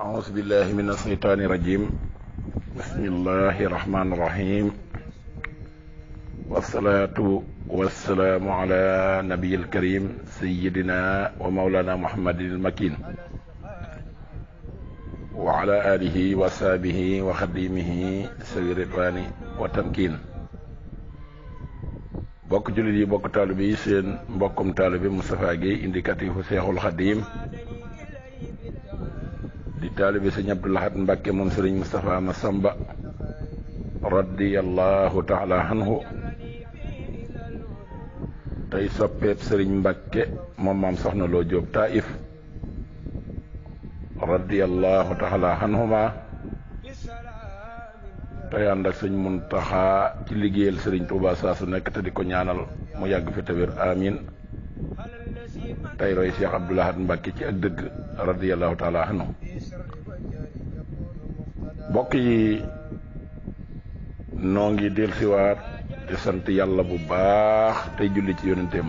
أعوذ بالله من الشيطان الرجيم بسم الله الرحمن الرحيم والصلاة والسلام على نبي الكريم سيدنا ومولانا محمد المكين وعلى آله وصحبه وخديمه سير الرضوان والتمكين bokk jullit yi bokk taalibe yi seen mbokkum taalibe Moustapha Gueye indicatif Seexul Xadiim di taalibe sëñ Abdou Lahad Mbàkke moom sëriñ Moustapha Massamba radiyallahu taala anhu tey soppeeb sëriñ Mbàkke moom maam soxna loo Jóob Taif radiyallahu taala anhuma tey ànd ak sëñ Muntaxa ci liggéeyal sëriñ Tuubaa su nekk te di ko ñaanal mu yàgg fi te wér tey roy Cheikh Abdoul ci ak dëgg radiyallahu taala anhu mbokk yi noo ngi dellusiwaat te sant yàlla bu baax tey julli ci yonenteem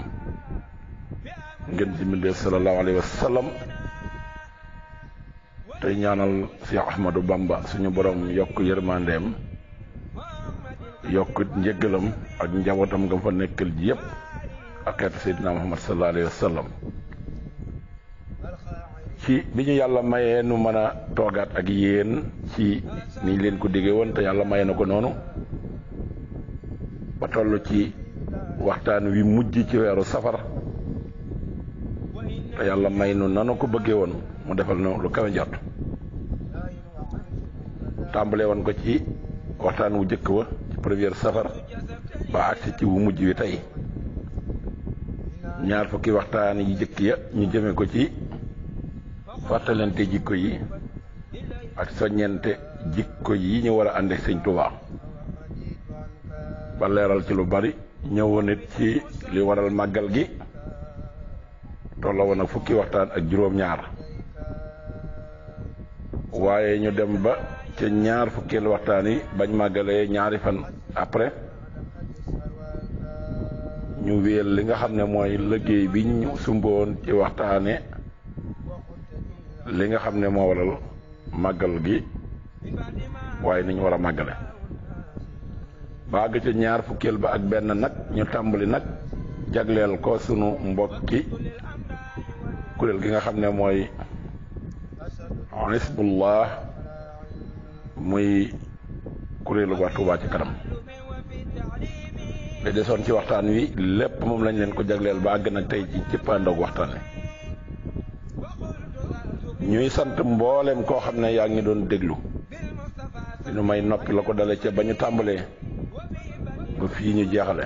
ngeen ci mbindee sallallahu alayhi wa sallam tey ñaanal Cheikh Ahmadou Bamba suñu borom yokk yërmandeem yokkut njëggalam ak njabootam nga fa nekkal ji yépp ak xeetu seydina muhammad sallallahu ci bi ñu yàlla maye nu mën a toogaat ak yéen ci niñ leen ko diggee woon te yàlla maye na ko noonu ba toll ci waxtaan wi mujj ci weeru safar te yàlla may nu nanu ko bëggee woon mu defal na lu kawe jot tàmbale woon ko ci waxtaan wu jëkk wa ci première safar ba agsi ci wu mujj wi tey ñaar fukki waxtaan yi jëkk ya ñu jëme ko ci fàttalante jikko yi ak soññente jikko yi ñu war a ànd ak sëñ ci lu bari ñëwoon it ci li waral màggal gi tolla woon ak fukki waxtaan ak juróom-ñaar waaye ñu dem ba ca ñaar fukkeelu waxtaan yi bañ màggalee ñaari fan après ñu wéel li nga xam ne mooy liggéey bi ñu sumboon ci waxtaane li nga xam ne moo waral màggal gi waaye ni ñu war a màggale ba ci ñaar fukkeel ba ak benn nag ñu tàmbali nag jagleel ko sunu mbokki kuréel gi nga xam ne mooy Hisbullah muy kuréelu waa Tuubaa ci kanam li desoon ci waxtaan wi lépp moom lañ leen ko jagleel ba àgg nag tey ci cëppaandoog waxtaan wi ñuy sant mbooleem koo xam ne yaa ngi doon déglu dinu may noppi la ko dale ca ba ñu tàmbalee ba fii ñu jeexale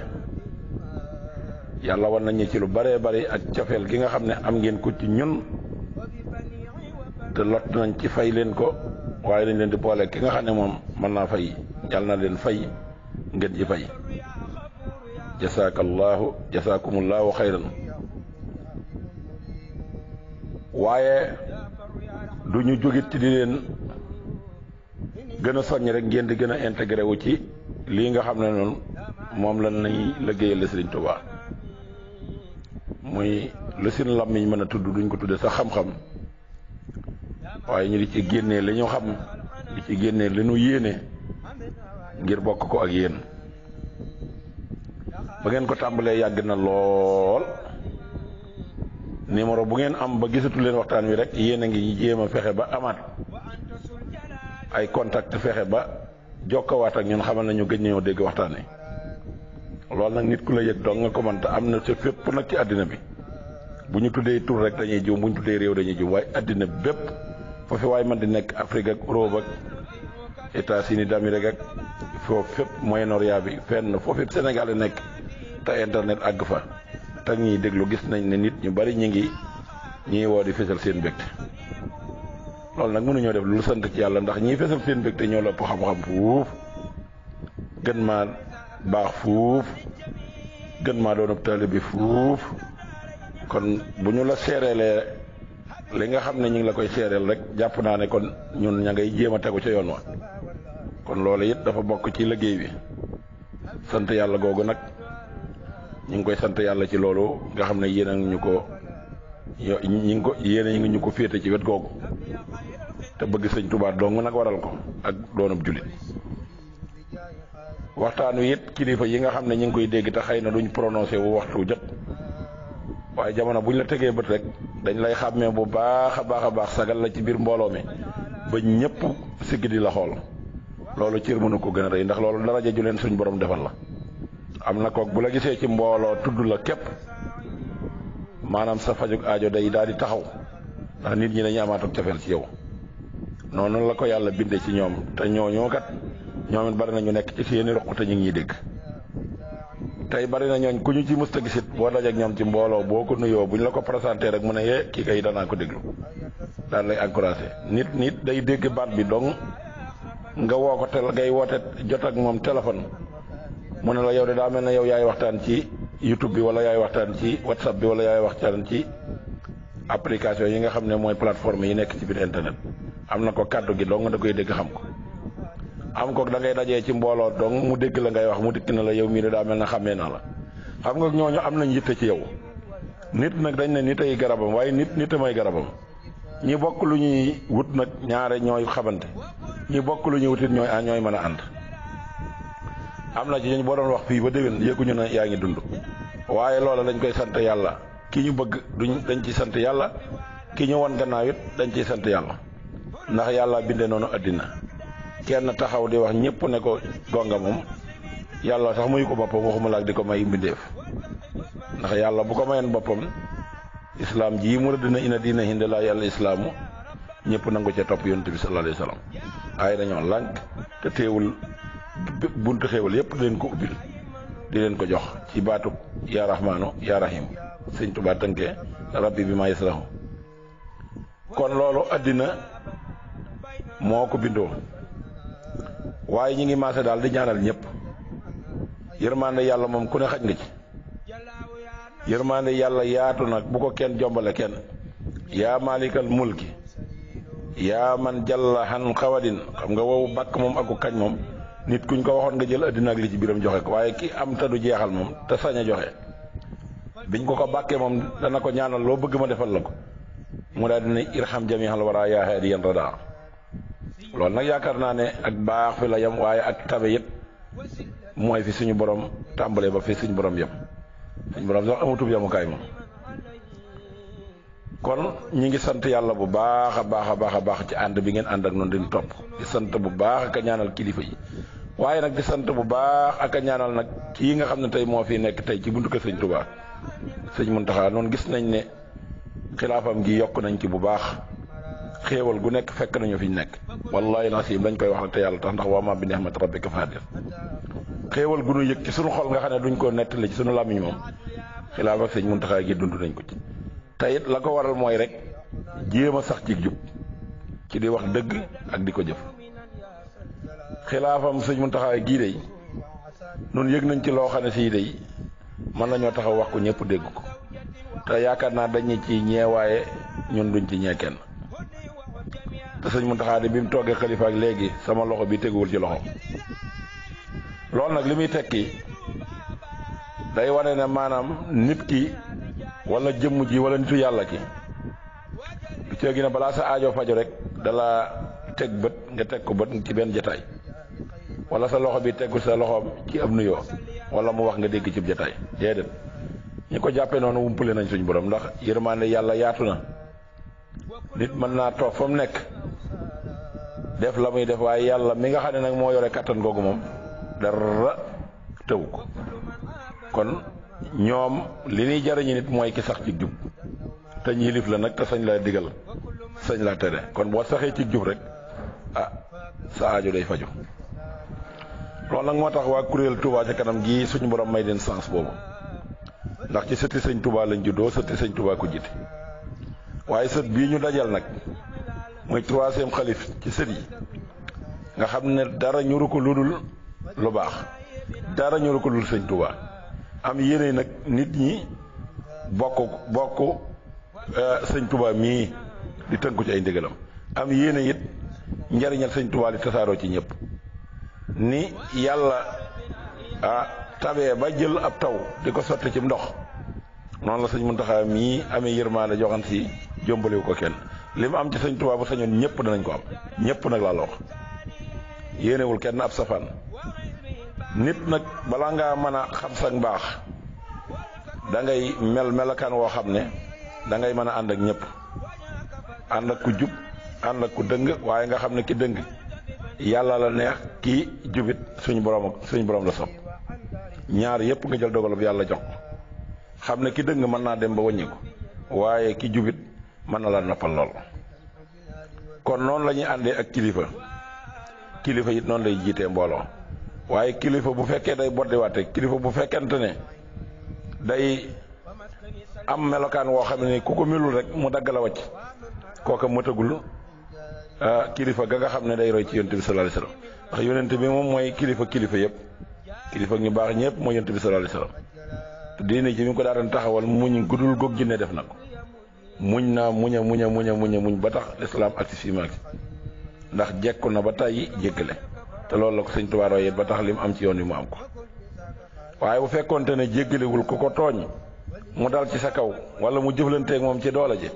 yàlla war nañu ci lu baree bari ak cofeel gi nga xam ne am ngeen ko ci ñun te lott nañ ci fay leen ko waaye dañ leen di poole ki nga xam ne moom mën naa fay yàlla na leen fay ngeen ci fay jasaakallahu jasaakumullahu xayran waaye du ñu jógit ci di leen gën a soññ rek ngeen di gën a intégré wu ci lii nga xam ne noonu moom la ñuy liggéeyal la Sëriñ Tuubaa muy lu làmmiñ mën a tudd duñ ko tudde sax xam-xam waaye ñu di ci génnee li xam di ci génnee li ñu yéene ngir bokk ko ak yéen ba ngeen ko tàmbalee yàgg na lool numéro bu ngeen am ba gisatu leen waxtaan wi rek yéen a ngi jéem a fexe ba amaat ay contact fexe ba jokkawaat ak ñun xamal nañu gëj nañoo dégg waxtaan wi loolu nag nit ku la yëg dong nga ko mën am na ci fépp nag ci àddina bi bu ñu tuddee tur rek dañuy jiw bu ñu tuddee réew dañuy jiw waaye àddina bépp foofu waaye man di nekk Afrique ak Europe ak États-Unis d'Amérique ak foofu fépp Moyen-Orient bi fenn foofu fépp Sénégal nekk te internet àgg fa te ñiy déglu gis nañ ne nit ñu bari ñu ngi ñuy woo di fësal seen mbégte loolu nag mënuñoo def lu sant ci yàlla ndax ñiy fësal seen te ñoo lopp xam-xam fuuf gën maa baax fuuf gën maa doon ab bi fuuf kon bu ñu la seereelee li nga xam ne ñu ngi la koy seereel rek jàpp naa ne kon ñun ña ngay jéem a tegu ca yoon wa kon loolu it dafa bokk ci liggéey bi sant yàlla googu nag ñu ngi koy sant yàlla ci loolu nga xam ne yéen a ñu ko yo ñi ngi ko yéen ngi ñu ko féete ci wet googu te bëgg sëñ Touba dong nag waral ko ak doonub jullit waxtaan wi it kilifa yi nga xam ne ñu ngi koy dégg te xëy na duñ prononcé wu waxtu jot waaye jamono buñ la tegee bët rek dañu lay xàmmee bu baax a baax a baax sagal la ci biir mbooloo mi ba ñëpp siggi di la xool loolu cër mënu ko gën a rëy ndax loolu daraja ju leen suñ borom defal la. am na kook bu la gisee ci mbooloo tudd la képp maanaam sa fajuk aajo day daal di taxaw ndax nit ñi dañuy amaat cofeel ci yow noonu la ko yàlla bindee ci ñoom te ñooñoo kat ñoom it bari na ñu nekk ci seeni roq te ñu ngi ñuy dégg tey bari na ñooñ ku ñu ci musta gisit boo dajeek ñoom ci mbooloo boo ko nuyoo bu ñu la ko présenté rek mu ne yee eh, kii kay danaa ko déglu daan lay encouragé nit nit day dégg baat bi dong nga woo ko tel ngay woote jot ak moom téléphone mu ne la yow de daa mel na yow yaay waxtaan ci YouTube bi wala yaay waxtaan ci WhatsApp bi wala yaay waxtaan ci application yi nga xam ne mooy plateforme yi nekk ci biir internet am na ko kàddu gi dong da koy dégg xam ko am ko da ngay dajee ci mbooloo dong mu dégg la ngay wax mu dikk na la yow mii de daa mel na xàmmee na la xam nga ñooñu am nañ yitte ci yow nit nag dañ ne nit ay garabam waaye nit nit may garabam ñi bokk lu ñuy wut nag ñaare ñooy xamante ñi bokk lu ñuy wutit ñooy ñooy mën a ànd am na ci ñu boo doon wax fii ba déwén yëguñu na yaa ngi dund waaye loola dañ koy sant yàlla ki ñu bëgg duñ dañ ci sant yàlla kii ñu won gannaaw it dañ ciy sant yàlla ndax yàlla bindee noonu àddina kenn taxaw di wax ñëpp ne ko gonga moom yàlla sax muy ko boppam waxuma laak di ko may mbindeef ndax yàlla bu ko mayoon boppam islaam ji mu rëdd na ina diina hindi laa yàlla islaamu ñëpp nangu cee topp yoonu bi sallallahu alayhi wa sallam ay dañoo lànk te buntu xéewal yépp leen ko ubbil di leen ko jox ci baatub yaa rahmaanu yaa rahim sëñ Tuubaa tënkee rabbi bi maa yaslahu kon loolu àddina moo ko bindoo waaye ñi ngi maase daal di ñaanal ñëpp yërmande yàlla moom ku ne xaj nga ci yërmande yàlla yaatu nag bu ko kenn jombale kenn yaa maalikal mulki yaa man jalla xan xawadin xam nga wow bàkk moom aku kañ moom nit kuñ ko waxoon nga jël àddina ak li ci biram joxe ko waaye kii am te du jeexal moom te sañ a joxe biñ ko ko bàkkee moom dana ko ñaanal loo bëgg ma defal la ko mu daal dina irham jamihal wara yaa haadiyan radaa loolu nag yaakaar naa ne ak baax fi la yem waaye ak tabe yëpp mooy fi suñu borom tàmbalee ba fi suñu borom yem suñu borom sax amatub yemukaay moom kon ñi ngi sant yàlla bu baax a baax a baax a baax ci ànd bi ngeen ànd ak noonu din topp di sant bu baax ak kilifa yi waaye nag di sant bu baax ak a ñaanal nag kii nga xam ne tey moo fi nekk tey ci buntu ko sëñ Touba sëñ muntaxaa noonu gis nañ ne xilaafam gi yokk nañ ci bu baax xéewal gu nekk fekk nañu fi ñu nekk wallahi nasiim dañ koy wax la te yàlla tax ndax waa ma bi nihmat rabbika fahaddith xéewal gu nu yëg ci suñu xol nga xam ne duñ ko nettali ci suñu làmmiñ moom xilaaf sëñ Mountakha gi dund nañ ko ci tey la ko waral mooy rek jéem a sax ci jub ci di wax dëgg ak di ko jëf xilaafam sëñ Muntaxa gii de noonu yëg nañ ci loo xam ne sii de mën nañoo taxaw wax ko ñëpp dégg ko te yaakaar naa dañu ci ñeewaaye ñun duñ ci ñee kenn te sëñ Muntaxa de bi mu toggee xalifa ak léegi sama loxo bi teguwul ci loxo loolu nag li muy teg ki day wane ne maanaam nit ki wala jëmm ji wala nitu yàlla ki du cee gi balaa sa aajo fajo rek dala teg bët nga teg ko bët ci benn jataay wala sa loxo bi tegu sa loxoom ci ab nuyoo wala mu wax nga dégg ci jotaay déedéet ñi ko jàppee noonu wumpale nañ suñu borom ndax yërmaande yàlla yaatu na nit mën naa toog fa mu nekk def la muy def waaye yàlla mi nga xam ne nag moo yore kàttan googu moom dara tëw ko kon ñoom li ñuy jariñu nit mooy ki sax ci jub te ñu xilif la nag te sañ laa digal sañ laa tere kon boo saxee ci jub rek ah sa aajo day faju loolu nag moo tax waa kuréel Touba ca kanam gii suñu borom may leen sens boobu ndax ci sëti sëñ Touba lañ juddoo sëti sëñ Touba ko waaye sët bii ñu dajal nag mooy troisième xalif ci sët yi nga xam ne dara ñuru ko ludul lu baax dara ñuru ko ludul sëñ Touba am yéene nag nit ñi bokk bokk euh, sëñ Touba mii di tënku ci ay ndigalam am yéene yit njariñal sëñ Touba li tasaaroo ci ñëpp. ni yàlla a tabee ba jël ab taw di ko sotti ci ndox noonu la sëñ Muntaxa mii amee yërmaande joxan si jombalewu ko kenn li mu am ci sëñ Tuubaa bu sañoon ñëpp danañ ko am ñëpp nag laa la kenn ab safaan nit nag balaa ngaa mën a xam sa baax dangay mel melakaan woo xam ne dangay ngay mën a ànd ak ñëpp ànd ak ku jub ànd ak ku dëng waaye nga xam ne ki dëng yàlla la neex kii jubit suñu borom suñu borom la sopp ñaar yëpp nga jël dogalub yàlla jox xam ne ki dëng mën naa dem ba wàññi ko waaye ki jubit mën na la noppal lool kon noonu la ñuy àndee ak kilifa kilifa it noonu lay jiitee mbooloo waaye kilifa bu fekkee day boddiwaate kilifa bu fekkente ne day am melokaan woo xam ne ku ko melul rek mu dagg la wacc kooka mëtagul Ah, kilifa ga nga xam ne day roy ci yonent bi sallallahu alayhi wasallam ndax yonent bi moom mooy kilifa kilifa yëpp kilifa ñu baax ñëpp mooy yonent bi sallallahu alayhi wasallam diine ji mi ngi ko daan taxawal muñ gudul góog jinne def na ko muñ naa muñ a muñ muñ muñ muñ ba tax lislaam ak si fiimaag ndax jekku na ba tàyyi jéggale te loolu la ko sëñ Tuubaa roy ba tax li mu am ci yoon yi mu am ko waaye bu fekkoonte ne jéggalewul ku ko tooñ mu dal ci sa kaw wala mu jëflanteeg moom ci doole ji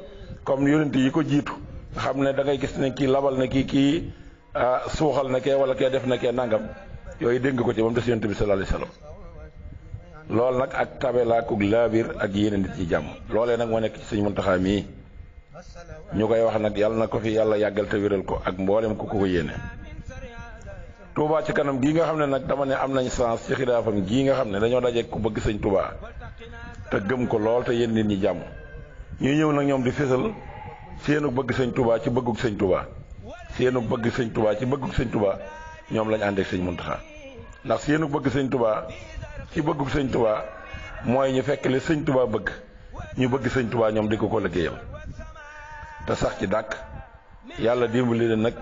jiitu nga xam ne da ngay gis ne kii labal na kii kii ah, suuxal na kee wala kee def na kee nangam yooyu dégg ko ci moom des yonent bi sallallahu alayhi wasallam nag ak tabelaakug laabir ak yeneen nit ci jàmm loolee nag moo nekk ci sëñ Muntaxa mii ñu koy wax nag yàlla na ko fi yàlla yàggalte te wéral ko ak mboolem ku ko yéene Touba ci kanam gii nga xam ne nag dama ne am nañ sens ci xilaafam gii nga xam ne dañoo daje ku bëgg sëñ Touba te gëm ko lool te yéen nit ñi jàmm ñëw nag ñoom di seenu bëgg sëñ tubaa ci bëggug sëñ tubaa seenu bëgg sëñ tubaa ci bëggu sëñ tubaa ñoom lañ àndeek sëñ muntaxaa ndax seenu bëgg sëñ tubaa ci bëggug sëñ tubaa mooy ñu fekk li sëñ tubaa bëgg ñu bëgg sëñ tubaa ñoom di ko ko liggéeyal te sax ci dàq yàlla dimbali leen nag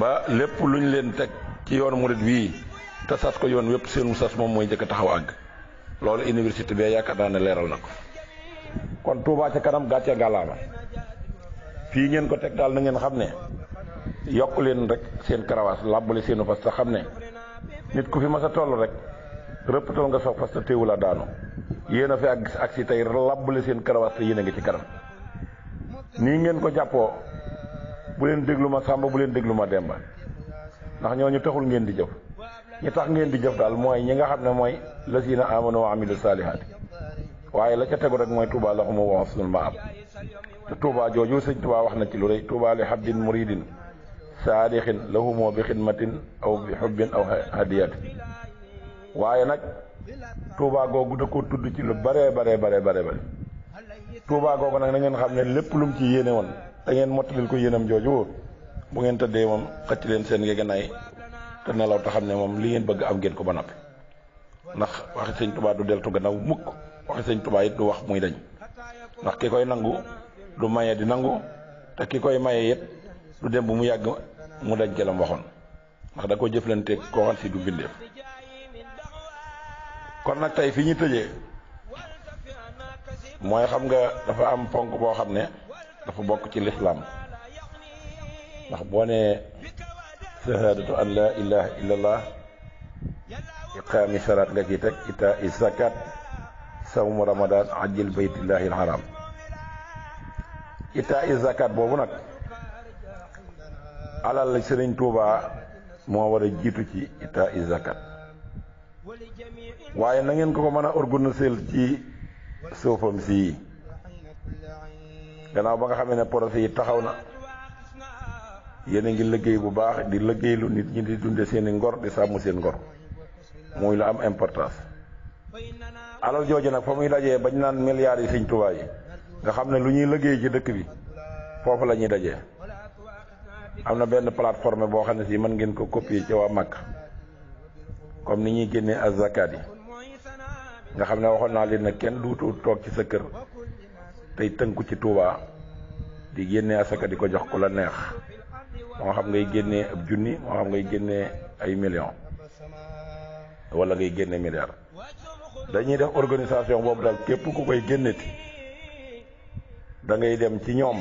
ba lépp lu ñu leen teg ci yoonu murit wii te sas ko yoon wépp seenu sas moom mooy njëkk taxaw àgg loolu université bee yaakaar naa ne leeral na ko kon Touba ca kanam gàcce ngalaama fii ngeen ko teg daal na ngeen xam ne yokk leen rek seen karawaas làbbule seenu fas sa xam ne nit ku fi mas a toll rek rëppatal nga sax fas te téewula daanu yéen a fi ak ak si tey làbbali seen karawaas te yéen a ngi ci kanam nii ngeen ko jàppoo bu leen déglu ma sàmba bu leen déglu ma demba ndax ñoo ñu taxul ngeen di jëf ñi tax ngeen di jëf daal mooy ñi nga xam ne mooy la siina amanu wa amilu saalihaati waaye la ca tegu rek mooy tuubaa laxumu wa husnul te Touba jooju sëñ Touba wax na ci lu rëy Touba li xabdin muridin saadixin lahumoo bi xidmatin aw bi xubbin aw hadiyat waaye nag Touba googu da ko tudd ci lu bare bare bare bare bare Touba googu nag na ngeen xam ne lépp lum ci yéene woon da ngeen mottalil ko yéenam jooju bu ngeen tëddee moom xëcc leen seen ngeganaay te nelaw te xam ne moom li ngeen bëgg am ngeen ko ba noppi ndax waxi sëñ Touba du deltu gannaaw mukk waxi sëñ Touba it du wax muy dañ du maye di nangu te ki koy maye yit du dem bu mu yàgg mu daj kelam waxoon ndax da ko jëflante koo xam si du bindeef kon nag tey fii ñu tëjee mooy xam nga dafa am ponk boo xam ne dafa bokk ci lislaam ndax boo nee shahaadatu an laa ilaha illallah iqaami salaat nga ciy teg itaa i zakat sawmu ramadan ajil baytillahi alharam itaa i zakat boobu nag alal sëriñ Tuuba moo war jiitu ci itaa i waaye na ngeen ko ko mën a organiser ci suufam si gannaaw ba nga xamee ne projet yi taxaw na yéen a ngi liggéey bu baax di liggéeylu nit ñi di dunde seeni ngor di sàmm seen ngor muy lu am importance alal jooju nag fa muy dajee bañ naan milliards yi sëriñ Tuuba yi nga xam ne lu ñuy liggéey ci dëkk bi foofu la ñuy dajee am na benn palaat plateforme boo xam ne si man ngeen ko copier ci waa mag comme ni ñuy génnee azzakat yi nga xam ne waxoon naa leen na kenn duutu toog ci sa kër tey tënku ci tuubaa di génnee asaka di ko jox ku la neex moo xam ngay génnee ab junni nga xam ngay génnee ay millions wala ngay génne milliards dañuy def organisation boobu daal képp ku koy génneti da ngay dem ci ñoom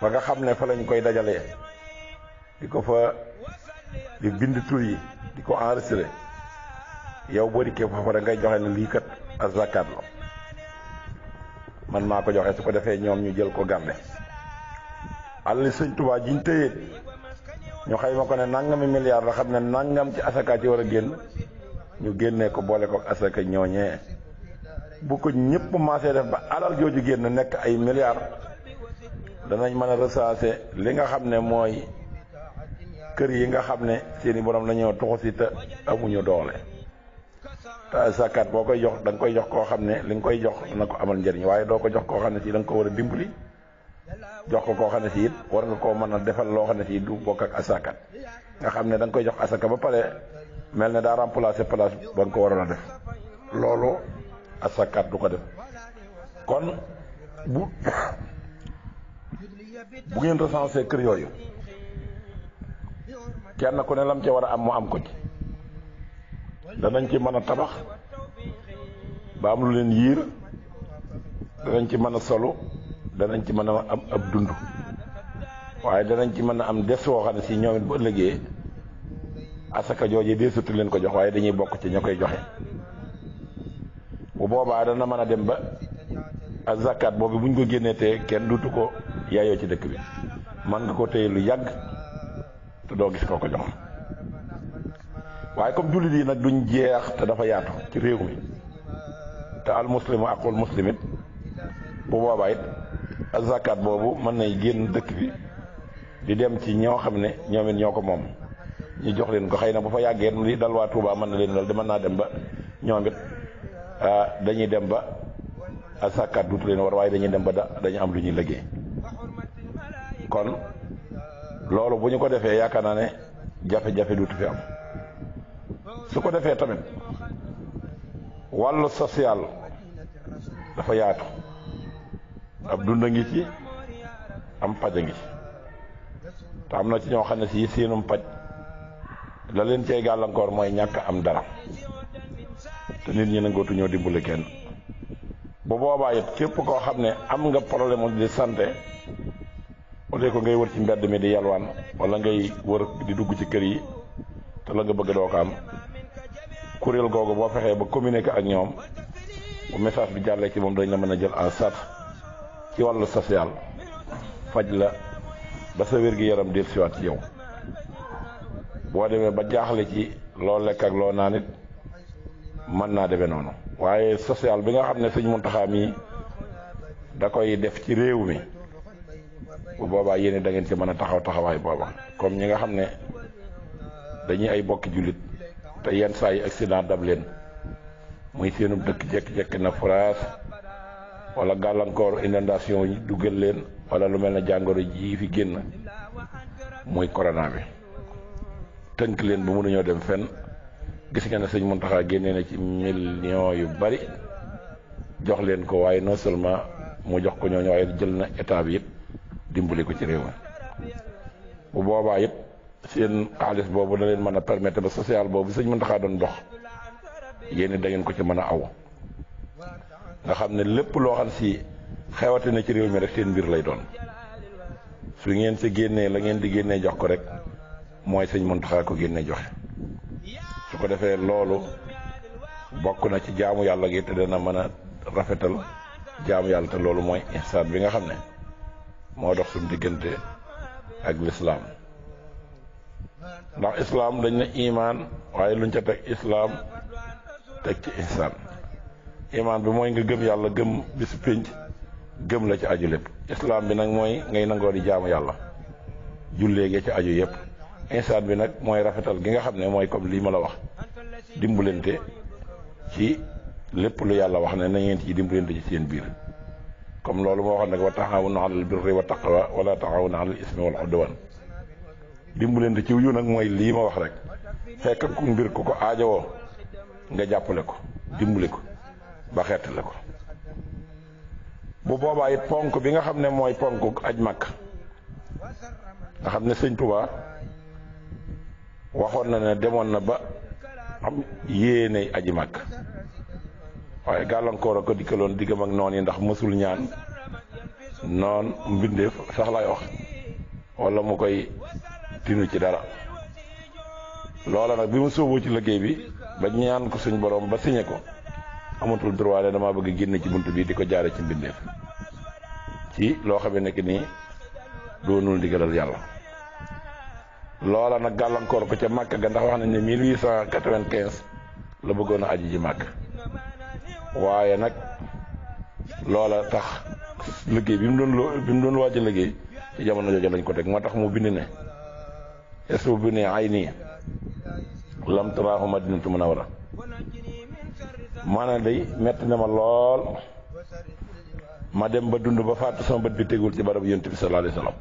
ba nga xam ne fa lañu koy dajalee di ko fa di bind tur yi di ko enregistré yow boo dikkee foofa da ngay joxe ne lii kat azakaat la man maa ko joxe su ko defee ñoom ñu jël ko garde alali sëñ Tuubaa jiñ téyeet ñu xayma ko ne nangami milliard la xam ne nangam ci asaka ci war a génn ñu génnee ko boole ko asaka ñooñee bu ko ñëpp maasee def ba alal jooju génn nekk ay milliards danañ mën a li nga xam ne mooy kër yi nga xam ne seeni borom dañoo tuxu si te amuñu doole te sàkkaat boo koy jox da koy jox koo xam ne li nga koy jox na ko amal njëriñ waaye doo ko jox koo xam ne si da nga ko war a dimbali jox ko koo xam ne si war nga koo mën a defal loo xam ne si du bokk ak asakaat nga xam ne da koy jox asaka ba pare mel ne daa remplacer place ba nga ko waroon a def asakaat du ko def kon bu bu ngeen recensé kër yooyu kenn ku ne lam ci war a am mu am ko ci danañ ci mën a tabax ba am lu leen yiir danañ ci mën a solu danañ ci mën a am ab dund waaye danañ ci mën a am des woo xam ne si ñoom it bu ëllëgee asaka jooje deesatu leen ko jox waaye dañuy bokk ci ña koy joxe bu boobaa dal na mën a dem ba ak zakat boobu bu ñu ko génnee te kenn duutu ko yaayoo ci dëkk bi mën nga koo téye lu yàgg te doo gis koo ko jox waaye comme jullit yi nag duñ jeex te dafa yaatu ci réew mi te al muslimu aqul muslimit bu boobaa it ak zakat boobu mën nay génn dëkk bi di dem ci ñoo xam ne ñoom it ñoo ko moom ñu jox leen ko xëy na bu fa yàggee li dal waa Touba mën na leen dal di mën naa dem ba ñoom Ah, dañuy dem ba asaka duutu leen war waaye dañuy dem ba da dañu am lu ñuy léggéey kon loolu bu ñu ko defee yaakaar naa ne jafe-jafe duutu fi am su ko defee tamit wàllu social dafa yaatu ab dund a ngi ci am paj a ngi te am na ci ñoo xam ne si seenum paj la leen cee gàllankoor mooy ñàkk am dara te nit ñi nangootu ñoo dimbale kenn bu boobaa képp koo xam ne am nga problème di santé wala ko ngay wër ci mbedd mi di yalwaan wala ngay wër di dugg ci kër yi te la nga bëgg doo ko am kuréel googu boo fexee ba communiquer ak ñoom bu message bi jàllee ci moom dañ la mën a jël en ci wàllu social faj la ba sa wér-gi-yaram dellusiwaat ci yow boo demee ba jaaxle ci loo lekk ak loo naan mën naa demee noonu waaye social bi nga xam ne sëñ Muntaxa mi da koy def ci réew mi bu boobaa yéen da ngeen ci mën a taxaw taxawaay booba comme ñi nga xam ne dañuy ay bokki jullit te yenn saa yi accident dab leen muy seenub dëkk jekki-jekki na France wala gàllankoor inondation yi duggal leen wala lu mel ne jàngoro ji fi génn muy corona bi tënk leen bu mënuñoo dem fen gis ngeen ne sëñ Muntaxa génnee na ci millions yu bari jox leen ko waaye non seulement mu jox ko ñooñu waaye jël na état bi yëpp dimbali ko ci réew mi bu boobaa yëpp seen xaalis boobu da leen mën a permettre ba social boobu sëñ Muntaxa doon dox yéen da ngeen ko ci mën a aw nga xam ne lépp loo xam si xewate na ci réew mi rek seen mbir lay doon su ngeen si génnee la ngeen di génnee jox ko rek mooy sëñ Muntaxa ko génnee joxe ko defee loolu bokk na ci jaamu yàlla gi te dana mën a rafetal jaamu yàlla te loolu mooy ihsaan bi nga xam ne moo dox suñu diggante ak lislaam ndax islaam dañ ne imaan waaye luñ ca teg islaam teg ci ihsaan imaan bi mooy nga gëm yàlla gëm bisu pénc gëm la ci aju lépp islaam bi nag mooy ngay nangoo di jaamu yàlla jullee gi ci aju yépp insaan bi nag mooy rafetal gi nga xam ne mooy comme lii ma la wax dimbalante ci lépp lu yàlla wax ne na ngeen ci dimbalante ci seen biir comme loolu moo waxoon nag wa taxawuna alal birri wa taqwa wala taxawuna alal ismi wal udwan dimbalante ci yu nag mooy lii ma wax rek fekk ku mbir ku ko aajowoo nga jàppale ko dimbali ko ba xeetale ko bu boobaa it ponk bi nga xam ne mooy ponk aj màkk nga xam ne sëñ Tuubaa waxoon na ne demoon na ba am yéenay aji màkk waaye gàllankoor a ko dikkaloon diggam ak noon yi ndax mësul ñaan noon mbindeef sax wax wala mu koy tinu ci dara loola nag bi mu sóoboo ci liggéey bi ba ñaan ko suñ borom ba siñe ko amatul droit ne damaa bëgg génn ci bunt bi di ko jaare ci mbindeef ci loo xam ne nekk nii doonul ndigalal yàlla loola nag gàllankoor ko ca màkk ga ndax wax nañ ne 1895 la bëggoon a aji ji màkk waaye nag loola tax liggéey bi mu doon loo bi mu doon waaj a ci jamono jooju lañ ko teg moo tax mu bind ne esbu bi ne ay nii lam taraahu a munawwara maanaam day metti na ma lool ma dem ba dund ba faatu sama bët bi tegul ci barab yonent bi sallallahu alayhi wa sallam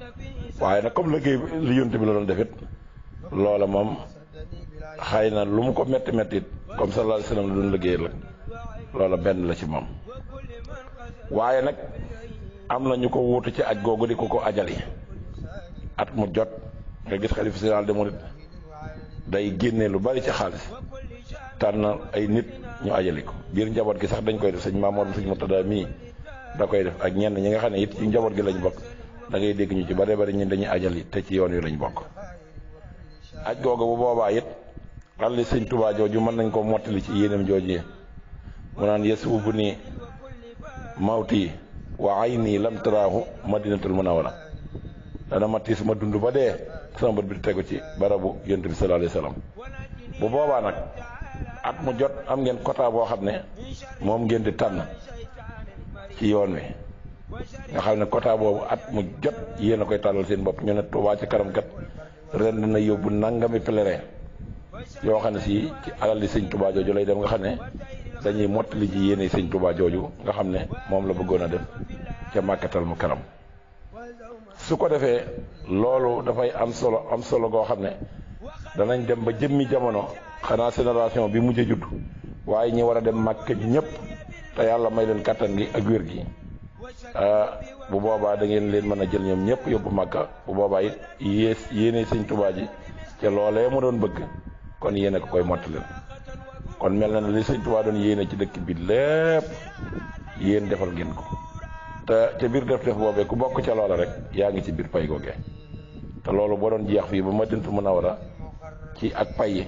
waaye nag comme liggéey li yonent bi la doon defit loola moom xay na lu mu ko métti métti it comme sallallahu alayhi wa sallam lu liggéey la loola benn la ci moom waaye nag am na ñu ko wuutu ci aj googu di ko ko ajali at mu jot nga gis xalifa général de murit day génne lu bari ci xaalis tànn ay nit ñu ajali ko biir njaboot gi sax dañ koy def sëñ Maamoor sëñ Murtada mii da koy def ak ñenn ñi nga xam ne it ci njaboot gi lañ bokk da ngay dégg ñu ci bare bari ñun dañuy ajali te ci yoon wi lañ bokk aj googu bu boobaa yit xalli sëñ tubaa jooju mën nañ ko mottali ci yéenam jooju mu naan yasuubu ni mawti wa ayni lam taraahu madinatul munawara dana ma tiis ma dund ba dee sama bët bi tegu ci barabu yonent bi sallallahu alayhi bu boobaa nag at mu jot am ngeen quota boo xam ne moom ngeen di tànn ci yoon wi nga xam ne quota boobu at mu jot yéen a koy tàllal seen bopp ñu ne Tuubaa ci kanam kat ren dana yóbbu nangami pèlerin yoo xam ne si ci alal li sëñ Touba lay dem nga xam ne dañuy mottali ci yéene sëñ Touba nga xam ne moom la bëggoon a def ca màkkatal mu kanam su ko defee loolu dafay am solo am solo goo xam ne danañ dem ba jëmmi jamono xanaa génération bi mujj a waaye ñi war a dem màkk ñi ñëpp te yàlla may leen kàttan gi ak wér gi Euh, bu boobaa da ngeen leen mën a jël ñoom ñëpp yóbbu màkka bu boobaa it yées yéene sëñ tubaa ji ca loolee mu doon bëgg kon yéene ko koy mottali kon mel na ne li sëñ tubaa doon yéene ci dëkk bi lépp yéen defal ngeen ko te ca biir def def boobee ku bokk ca loola rek yaa ngi ci biir pay googee te loolu boo doon jeex fii ba a Munawara ci ak pay yi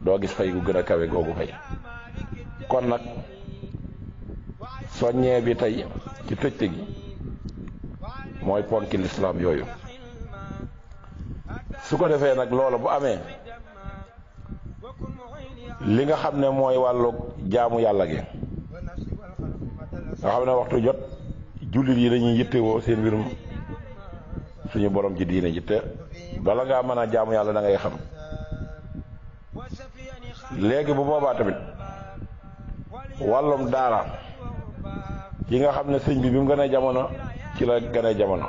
doo gis fay gu gën a kawe googu fay kon nag soññee bi tey ci tëjte gi mooy ponki lislaam yooyu su ko defee nag loola bu amee li nga xam ne mooy wàllu jaamu yàlla gi nga xam ne waxtu jot jullit yi dañuy yittewoo seen mbirum suñu boroom ji diine ji te bala ngaa mën a jaamu yàlla da ngay xam léegi bu boobaa tamit wàllum daara yi nga xam ne sëñ bi bi mu gën a jamono ci la gën a jamono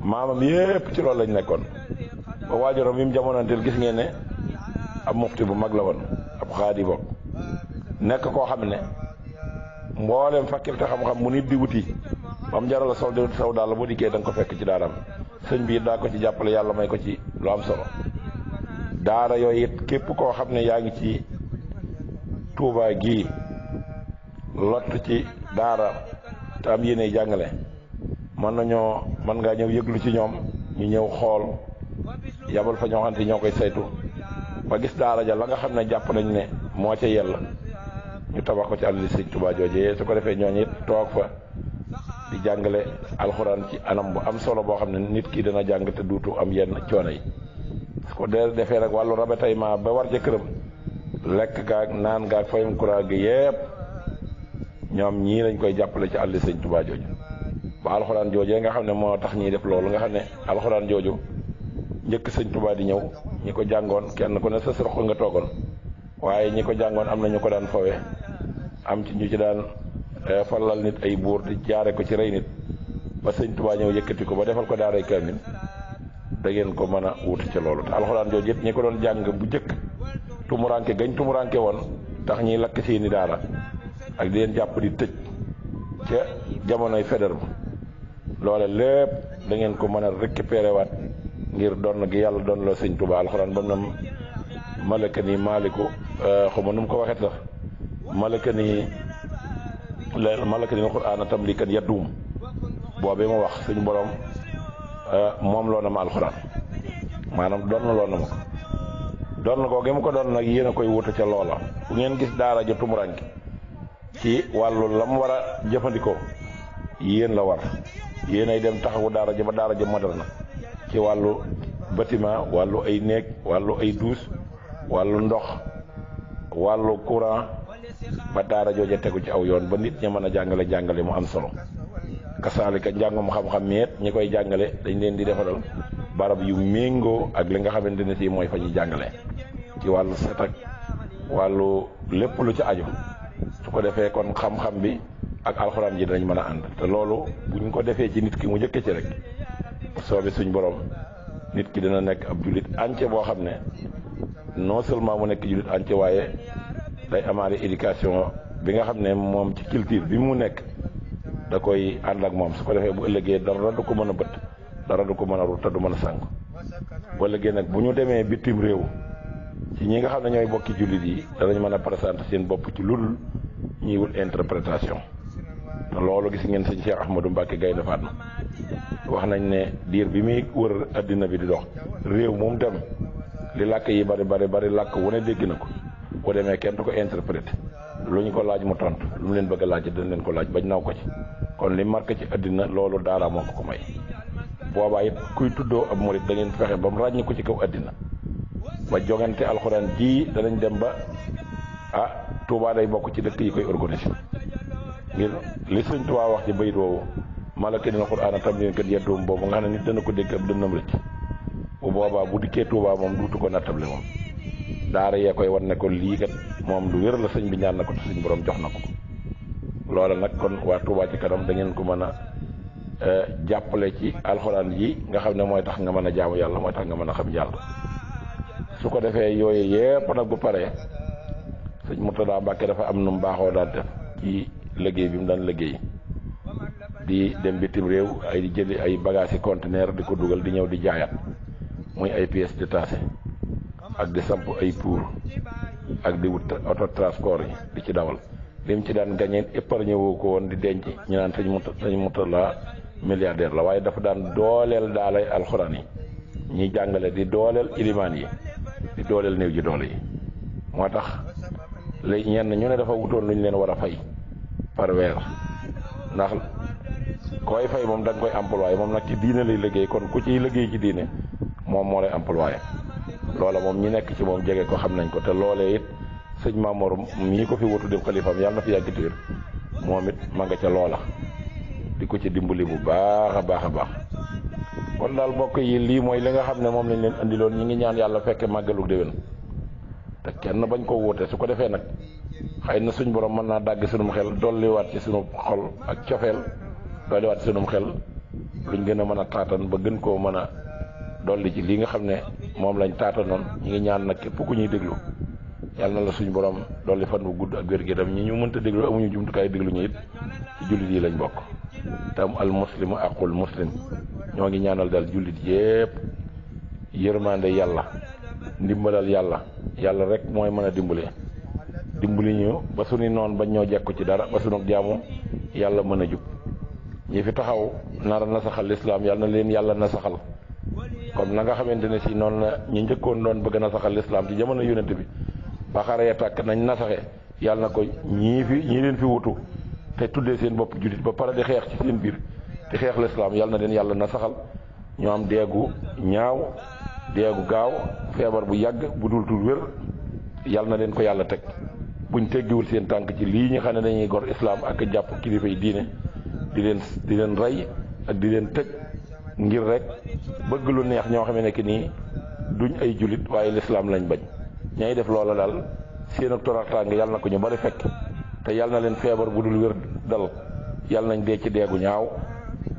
maamam yépp ci loolu lañ nekkoon ba waajuram bi mu jamonoonteel gis ngeen ne ab mufti bu mag la woon ab xaadi nekk koo xam ne mboolem faculté xam-xam mu nit di wuti ba mu jaral sol di wuti saw daal boo dikkee da nga ko fekk ci daaram sëñ bi daa ko ci jàppale yàlla may ko ci lu am solo daara yooyu it képp koo xam ne yaa ngi ci Tuubaa gii lott daara te am yéene jàngale mën nañoo mën ngaa ñëw yëglu ci ñoom ñu ñëw xool yabal fa ñoo xam yi ñoo koy saytu ba gis daara ja la nga xam ne jàpp nañ ne moo ca yell ñu tabax ko ci àll Sëriñ Tuubaa joojee su ko defee ñooñu it toog fa di jàngale alxuraan ci anam bu am solo boo xam ne nit ki dana jàng te duutu am yenn coono yi su ko dee defee nag wàllu rabetaillement ba war ca këram lekk gaag naan gaag fayum kuraa gi yépp ñoom ñii lañ koy jàppale ci àll sëñ Tuubaa jooju ba alxuraan joojee nga xam ne moo tax ñuy def loolu nga xam ne alxuraan jooju njëkk sëñ tubaa di ñëw ñi ko jàngoon kenn ku ne sa roq nga toogoon waaye ñi ko jàngoon am na ñu ko daan fawe am ci ñu ci daan eh, falal nit ay buur di jaare ko ci rey nit ba sëñ Tuubaa ñëw yëkkati ko ba defal ko daaray kaamil da ngeen ko mën a wut ci loolu te alxuraan jooju it ñi ko doon jàng bu njëkk tumuraanke gañ tumuraanke woon tax ñiy lakk seeni daara ak di leen jàpp di tëj ca jamonoy feder ba loole lépp da ko mën a récupéré waat ngir doon na gi yàlla doon la sëñ Tuubaa alxuraan ba mu ne malaka ni maaliku euh, xuma nu mu ko waxee tax malaka ni la malaka ni alxuraan tam lii kat yadduum boobee ma wax suñu borom euh, moom loo na ma alxuraan maanaam doon na loo na ma ko doon na ko gi mu ko doon na yéen a koy wuta ca loola bu ngeen gis daara ja tumuranke ci wàllu lam war a jëfandikoo yéen la war yéen ay dem taxawu daara ja ba daara ja na ci wàllu bâtiment wàllu ay néeg wàllu ay douche wàllu ndox wàllu courant ba daara jooja tegu ci aw yoon ba nit ña mën a jàngale jàngale mu am solo kasaalika njàngum xam-xam meet ñi koy jàngale dañ leen di defaral barab yu méngoo ak li nga xamante ni si mooy fa ñuy jàngale ci wàllu set ak wàllu lépp lu ci aju ko defee kon xam-xam bi ak alxuraan ji danañ mën a ànd te loolu buñ ko defee ci nit ki mu njëkk ci rek soobi suñ borom nit ki dina nekk ab jullit entier boo xam ne non seulement mu nekk jullit entier waaye day amaale éducation bi nga xam ne moom ci culture bi mu nekk da koy ànd ak moom su ko defee bu ëllëgee dara du ko mën a bët dara du ko mën a rut te du mën a sànq bu ëllëgee nag bu ñu demee bitim réew ci ñi nga xam ne ñooy bokki jullit yi danañ mën a présenter seen bopp ci ludul ñiy wut interprétation te loolu gis ngeen sañ sëñ Cheikh Ahmadou Mbacke Gaynde Fatma wax nañ ne biir bi muy wër addina bi di dox réew moom dem li làkk yi bari bari bari làkk wu dégg na ko bu demee kenn du ko interpréter lu ñu ko laaj mu tont lu mu leen bëgg a laaj dina leen ko laaj bañ naw ko ci kon li marqué ci addina loolu daara moo ko ko may boobaa it kuy tuddoo ab murit da fexe ba mu ràññi ko ci kaw addina ba jongante alxuraan ji danañ dem ba ah, Touba day bokk ci dëkk yi koy organisé ngir li sëñ Touba wax ci bayit woowu malaka dina xuraan tam leen kat yeddoom boobu nga xam ne nit dana ko dégg ab dënnam rëcc bu boobaa bu dikkee Touba moom duutu ko nattable moom daara yee koy wan ne ko lii kat moom lu wér la sëñ bi ñaan na ko te suñ borom jox na ko loola nag kon waa Touba ci kanam da ngeen ko mën a e, jàppale ci alxuraan yi nga xam ne mooy tax nga mën a jaamu yàlla mooy tax nga mën a xam yàlla su ko defee yooyu yépp nag bu paree sëñ Murtada Mbàkke dafa am nu mu baaxoo daan def ci liggéey bi mu daan liggéey di dem bitim réew ay di jëli ay bagages yi conteneur di ko dugal di ñëw di jaayaat muy ay pièces détachées ak di samp ay puur ak di wut auto transport yi di ci dawal lim ci daan gañee épargne ko woon di denc ñu naan sëñ Murtada sëñ Murtada milliardaire la waaye dafa daan dooleel daalay alxuraan yi ñuy jàngale di dooleel ilimaan yi di dooleel néew ji doole yi moo tax léegi ñenn ñu ne dafa wutoon lu ñu leen war a fay par weer ndax koy fay moom da koy employé moom nag ci diine lay liggéey kon ku ciy liggéey ci diine moom moo lay employé loola moom ñi nekk ci moom jege ko xam nañ ko te loolee it sëñ Maamoor mii ko fi wutu di xalifaam yàlla na fi yàgg tiir moom it ma ca loola di ko ci dimbali bu baax a baax a baax kon daal mbokk yi lii mooy li nga xam ne moom lañ leen andiloon ñi ngi ñaan yàlla fekkee màggalu déwén te kenn bañ koo wóote su ko defee nag xëy na suñ borom mën naa dàgg sunum xel dolliwaat ci sunu xol ak cofeel dolliwaat ci sunum xel luñ gën a mën a taatan ba gën koo mën a dolli ji lii nga xam ne moom lañ taatanoon ñi ngi ñaan nag képp ku ñuy déglu yàlla na la suñ borom dolli fan bu gudd ak wér gi yaram ñi ñu mënta déglu amuñu jumtukaay déglu ñu it ci jullit yi lañ bokk tam al muslimu aqul muslim ñoo ngi ñaanal daal jullit yépp yërmande yàlla ndimbalal yàlla yàlla rek mooy mën a dimbali dimbali ñu ba suñu noon bañ ñoo jekku ci dara ba suñu jaamu yàlla mën a jub ñii fi taxaw nar a nasaxal lislaam yàlla na leen yàlla nasaxal comme na nga xamante ne sii noonu la ñu njëkkoon doon bëgg nasaxal lislaam ci jamono yonent bi ba xare ya tàkk nañ nasaxe yàlla na ko ñii fi ñii leen fi wutu te tuddee seen bopp jullit ba pare di xeex ci seen biir di xeex lislaam yàlla na leen yàlla nasaxal ñu am deegu deegu gaaw feebar bu yàgg bu dul tul wér yàlla na leen ko yàlla teg buñ teggiwul seen tànk ci lii ñu xam ne dañuy gor islaam ak jàpp kilifa yi diine di leen di leen rey ak di leen tëj ngir rek bëgg lu neex ñoo xam nekk nii duñ ay jullit waaye lislaam lañ bañ ñay def loola daal seen ak toraxtaange yàlla na ko ñu bari fekk te yàlla na leen feebar bu dul wér dal yàlla nañ dee ci deegu ñaaw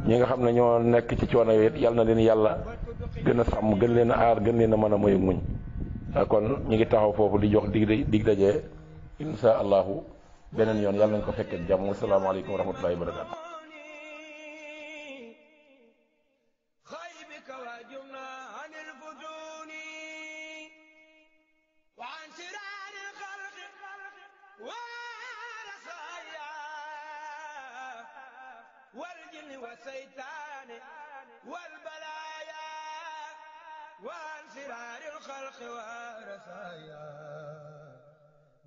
ñi nga xam ne ñoo nekk ci coono wet yàlla na leen yàlla gën a sàmm gën leen a aar gën leen a mën a moy muñ ah, kon ñu ngi taxaw foofu di jox dig dig daje insha beneen yoon yàlla nañ ko fekkee jàmm wasalaamaaleykum wa rahmatullahi wa barakatu والجن والشيطان وعن فرار الخلق ورثايا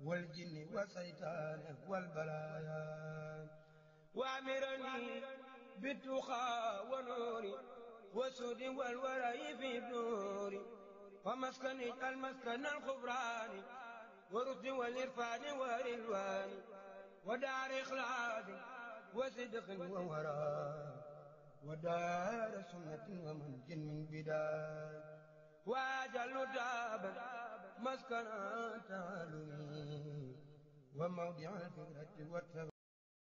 والجن والشيطان والبرايا وامرني بالتقى ونور وسود والورع في دوري ومسكن المسكن الخبران ورد والإرفان والإلوان ودار إخلاص وصدق وورى ودار سنة ومنجن من بداية waajalu daaba maskana taalumi wa mawdi al fikrati